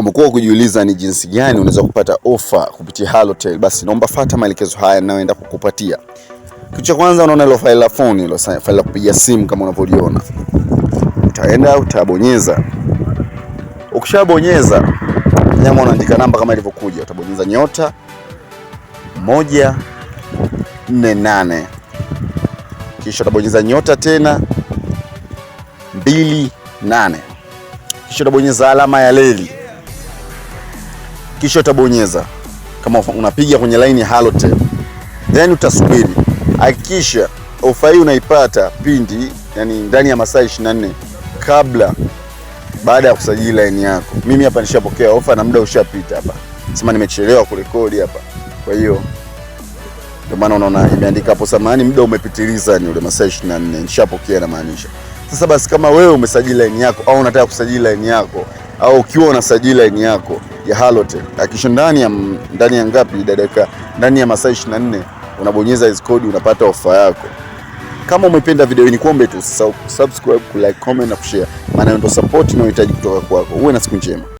umekuwa kujiuliza ni jinsi gani unaweza kupata ofa kupitia Halotel, basi naomba fuata maelekezo haya ninayoenda kukupatia. Kitu cha kwanza, unaona ile faili la phone, ile faili la kupiga simu kama unavyoiona, utaenda utabonyeza. Ukishabonyeza nyama, unaandika namba kama ilivyokuja, utabonyeza nyota moja nne nane, kisha utabonyeza nyota tena mbili nane, kisha utabonyeza alama ya leli kisha utabonyeza kama unapiga kwenye laini halo tape, then utasubiri. Hakikisha ofa hii unaipata pindi, yani ndani ya masaa 24 kabla baada ya kusajili laini yako. Mimi hapa nishapokea ofa na muda ushapita hapa, sema nimechelewa kurekodi hapa, kwa hiyo ndio maana unaona imeandika hapo samani, muda umepitiliza, ni ule masaa 24 nishapokea, na maanisha Sasa basi, kama wewe umesajili laini yako au unataka kusajili laini yako au ukiwa unasajili laini yako ya Halotel. Hakikisha ndani ya ndani ya ngapi dadaka, ndani ya masaa 24 unabonyeza hizo kodi unapata ofa yako. Kama umependa video hii, ni kuombe tu subscribe, ku like, comment na kushare, maana ndio support inayohitaji kutoka kwako. Uwe na siku njema.